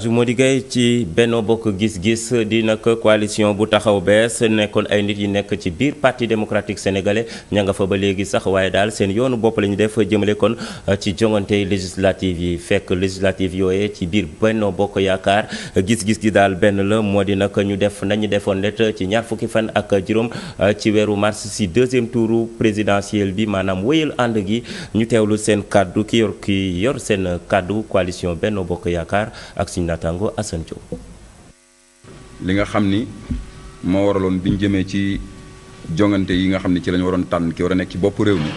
su ma liggéey ci Benno Bokk Gis-Gis di nag coalition bu taxaw bees nekkoon ay nit yi nekk ci biir parti démocratique sénégalais ña nga fa ba léegi sax waaye daal seen yoonu bopp lañu ñu def jëmale kon ci jongante législative yi fekk législative yooyee ci biir Benno Bokk Yaakaar gis-gis gi daal benn la moo di nag ñu def nañu defoon net ci ñaar fukki fan ak juróom ci weeru mars si deuxième touru présidentiel bi maanaam wéyal ànd gi ñu teewlu seen kàddu ki yor ki yor seen kàddu coalition Benno Bokk Yaakaar naataango Assane Thiaw li nga xam ni moo waraloon bi ñu jëmee ci jongante yi nga xam ni ci lañu waroon tànn ki war a nekk ci bopp réew mi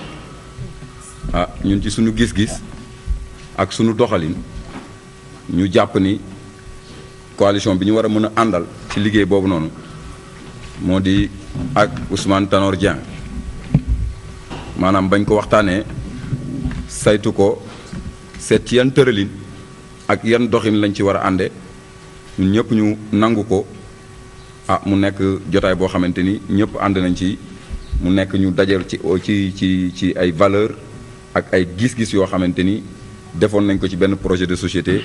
ah ñun ci suñu gis-gis ak suñu doxalin ñu jàpp ni coalition bi ñu war a mën a àndal ci liggéey boobu noonu moo di ak Ousmane Tanor maanaam bañ ko waxtaanee saytu ko seet ci yan tëralin ak yan doxin lañ ci war a ànde ñun ñëpp ñu nangu ko ah mu nekk jotaay boo xamante ni ñëpp ànd nañ ci mu nekk ñu dajal ci oh, ci ci ci ay valeur ak ay gis-gis yoo xamante ni defoon nañ ko ci benn projet de société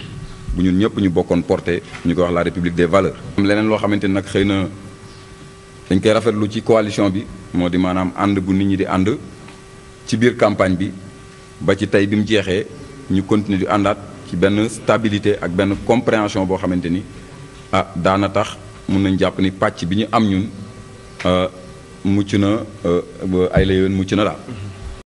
bu ñun ñëpp ñu bokkoon porté ñu koy wax la république des valeurs. leneen loo xamante ni nag xëy na dañ koy rafetlu ci coalition bi moo di maanaam ànd bu nit ñi di ànd ci biir campagne bi ba ci tey bi jeexee ñu continuer di àndaat. ci benn stabilité ak benn compréhension boo xamante ni ah daana tax mun nañ jàpp ni pàcc bi ñu am ñun euh, mucc na euh, ay la yoon mucc na daal